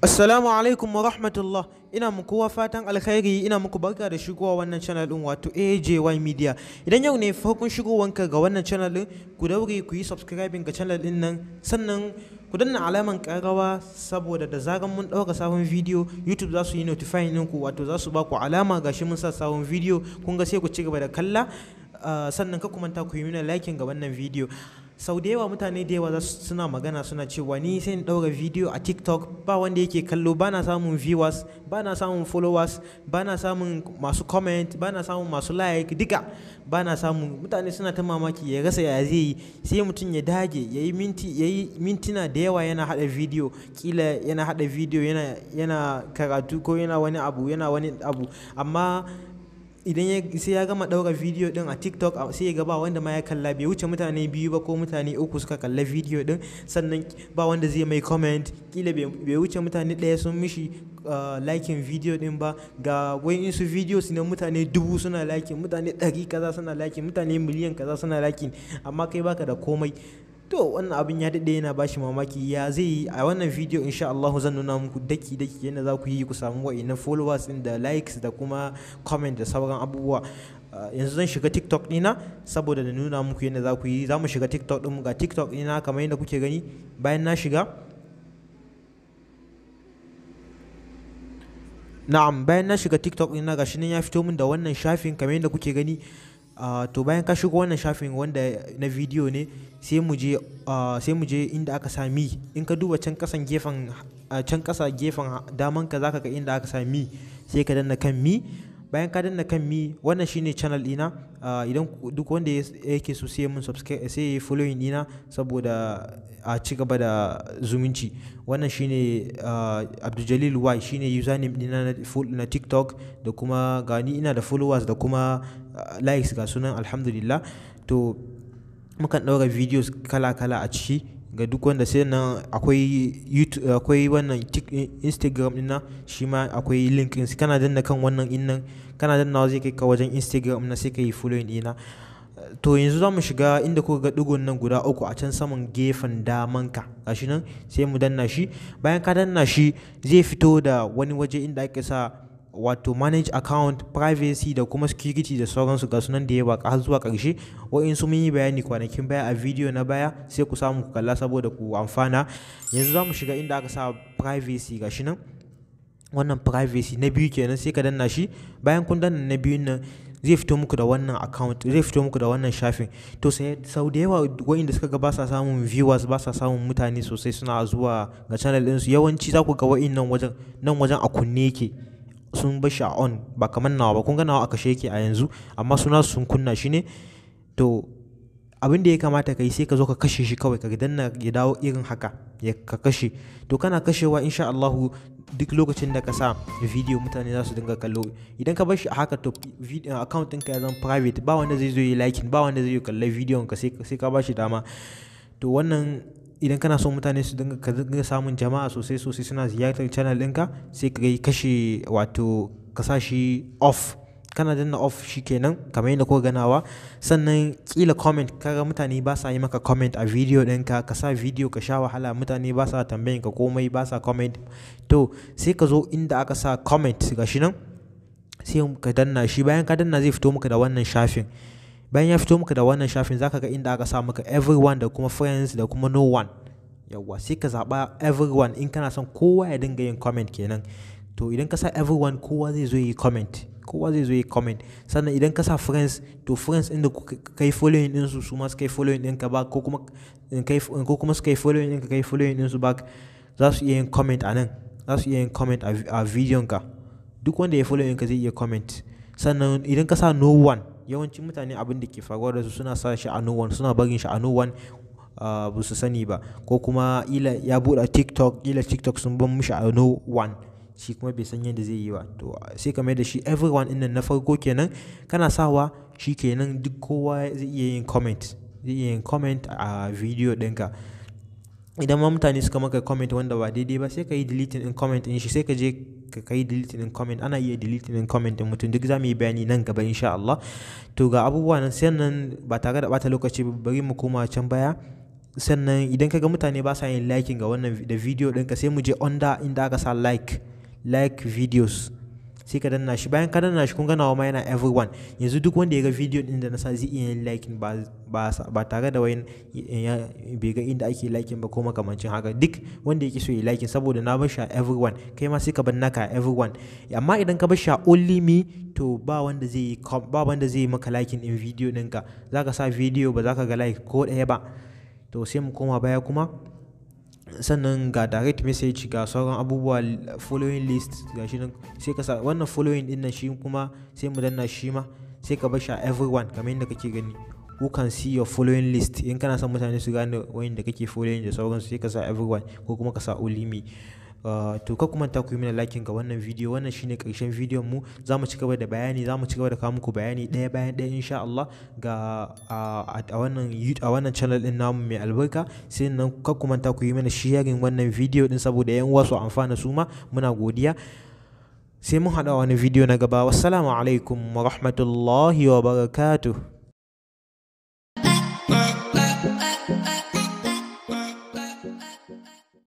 Assalamu alaikum wa rahmatullah ina muku wa fatan alkhairi ina muku barka da shigowa wannan channel din wato AJY Media idan yau ne farkon shigowanka ga wannan channel din ku daure ku yi subscribing ga channel din nan sannan ku danna alaman karawa saboda da zaran mun dauka sabon video YouTube za su yi notifying ninku wato za su ba ku alama gashi mun sa sabon video kun ga sai ku ci gaba da kalla ah, sannan ka kuma ta ku yi mana liking ga wannan video sau da yawa mutane da yawa suna magana suna cewa ni sai in ɗaura video a tiktok ba wanda yake kallo ba na samun viewers ba na samun followers ba na samun masu comment ba na samun masu like duka ba na samun mutane suna ta mamaki ya rasa ya zai yi sai mutum ya dage ya yi mintina da yawa yana haɗa video kila yana haɗa video yana karatu ko yana wani abu yana wani abu amma idan sai ya gama daura video din a tiktok sai ya ga ba wanda ma ya kalla bai wuce mutane biyu ba ko mutane uku suka kalla video din sannan ba wanda zai mai comment kila bai wuce mutane ɗaya sun mishi liking video din ba ga su video na mutane dubu suna likin mutane ɗari kaza suna likin mutane miliyan kaza suna likin amma kai baka da komai to wannan abin ya daɗe yana bashi mamaki ya zai a wannan video insha Allah zan nuna muku daki daki yadda za ku yi ku samu wa'ina followers din da likes da kuma comment da sauran abubuwa yanzu zan shiga TikTok dina saboda da nuna muku yadda za ku yi za mu shiga TikTok ɗin ga TikTok dina kamar yadda kuke gani bayan na shiga na'am bayan na shiga TikTok ga gashi nan ya fito min da wannan shafin kamar yadda kuke gani Ah, to bayan ka shigo wannan shafin wanda na video ne sai mu je ah, inda aka sami in ka duba can kasan gefen ah, can kasa gefen daman ka zaka ga inda aka sami sai ka danna kan mi bayan ka danna kan mi wannan shine channel dina ah, idan duk wanda yake so sai mun subscribe sai ya following dina saboda a ci gaba da zumunci wannan shine ah, Abdul Y shine username dina na TikTok da kuma gani ina da followers da kuma ah, likes ga sunan alhamdulillah to mukan ɗaura videos kala-kala a ciki ga duk wanda sai nan akwai youtube akwai wannan instagram ina shi ma akwai link kana danna kan wannan ɗin kana danna zai kai ka wajen instagram na sai ka yi following ɗina to yanzu za mu shiga inda kuka ga digon nan guda uku a can saman gefen ka gashi nan sai mu danna shi bayan ka danna shi zai fito da wani waje inda ake sa wato manage account privacy da kuma security da sauransu ga sunan da ya yawa har zuwa karshe ƙarshe wa'insu mun yi bayani kwanakin baya a video na baya sai ku samu ku kalla saboda ku amfana yanzu za mu shiga inda aka sa privacy ga shi nan wannan privacy na biyu kenan sai ka danna shi bayan kun danna na biyun nan zai fito muku da wannan account zai fito muku da wannan shafin to sai sau da yawa wa'inda suka ga ba sa samun viewers ba sa samun mutane sosai suna zuwa ga channel ɗinsu yawanci za ku ga wa'in nan wajen a kunne yake sun bar bashi a on ba kamar nawa ba kun ga nawa a kashe yake a yanzu amma suna sun kunna shi ne to abin da ya kamata ka yi sai ka zo ka kashe shi kawai ka danna ya dawo irin haka ya ka kashe to kana kashewa insha Allah duk lokacin da ka sa video mutane za su dinga kallo idan ka bar shi a haka to video account ɗinka ya zama private ba wanda zai zo yi liking ba wanda zai yi kallon video ka sai ka ba shi dama to wannan idan kana son mutane su dinga ka dinga samun jama'a sosai sosai suna ziyartar channel ɗinka sai ka kashe wato ka sa shi off kana danna off shi kenan kamar yadda kuka ganawa sannan kila comment kaga mutane ba sa yi maka comment a video ɗinka ka sa video ka sha wahala mutane ba sa tambayin ka komai ba sa comment to sai ka zo inda aka sa comment gashi nan sai ka danna shi bayan ka danna zai fito maka da wannan shafin bayan ya fito muka da wannan shafin za ka ga inda aka sa maka everyone da kuma friends da kuma no one yawwa sai ka zaɓa everyone in kana son kowa ya dinga yin comment kenan to idan ka sa everyone kowa zai zo yi comment kowa zai zo yi comment sannan idan ka sa friends to friends inda ka yi following din su su ma suka yi following din ka ba ko kuma ko kuma suka yi following din ka kai following din su back za su iya yin comment a nan za su iya yin comment a, a, a bidiyon ka duk wanda ya following ka zai iya comment sannan idan ka sa no one yawancin mutane abin da ke faruwa da su suna sa shi a suna barin shi a ah, ba su sani ba ko kuma ila ya buɗe tiktok ila tiktok sun ban mishi a no one shi kuma bai san yadda zai yi ba to sai ka mai da shi everyone in na farko kenan kana sawa shi kenan duk kowa zai iya yin comment zai iya yin comment a video ɗinka idan ma mutane suka maka comment wanda ba daidai ba sai ka yi deleting in comment in shi sai ka je ka yi deleting in comment ana iya deleting in comment din mutum duk za mu yi bayani nan gaba insha Allah to ga abubuwa nan sannan ba tare da bata lokaci bari mu koma can baya sannan idan ka ga mutane ba sa yin liking ga wannan da video ɗinka sai mu je under inda aka sa like like videos sai ka danna shi bayan ka danna shi kun ga nawa ma yana everyone yanzu duk wanda ya ga video din da na sa zai iya yin liking ba ba tare da wayan bai ga inda ake liking ba ko makamancin haka duk wanda yake so ya liking saboda na bar shi a everyone kai ma sai ka bar naka everyone amma idan ka bar shi a only me to ba wanda zai ba wanda zai maka liking din video ɗinka zaka sa video ba zaka ga like ko ɗaya ba to sai mu koma baya kuma sannan ga direct message ga sauran abubuwa following list ga shi nan sai ka sa wannan following din nan shi kuma sai mu danna shi ma sai ka bar shi a everyone kamar yadda kake gani who can see your following list in kana son mutane su gane wayan da kake following da sauransu sai ka sa everyone ko kuma ka sa ulimi. Ah, to ka kuma ta ku yi mana likin ga wannan video wannan shine karshen video mu za mu ci gaba da bayani za mu ci gaba da kawo muku bayani ɗaya bayan ɗaya insha Allah ga ah, a wannan a wannan channel din namu mai albarka sai nan ka kuma ta ku yi mana sharing wannan video din saboda yan wasu su amfana su ma muna godiya sai mun haɗa wani video na gaba wassalamu alaikum wa rahmatullahi wa barakatuh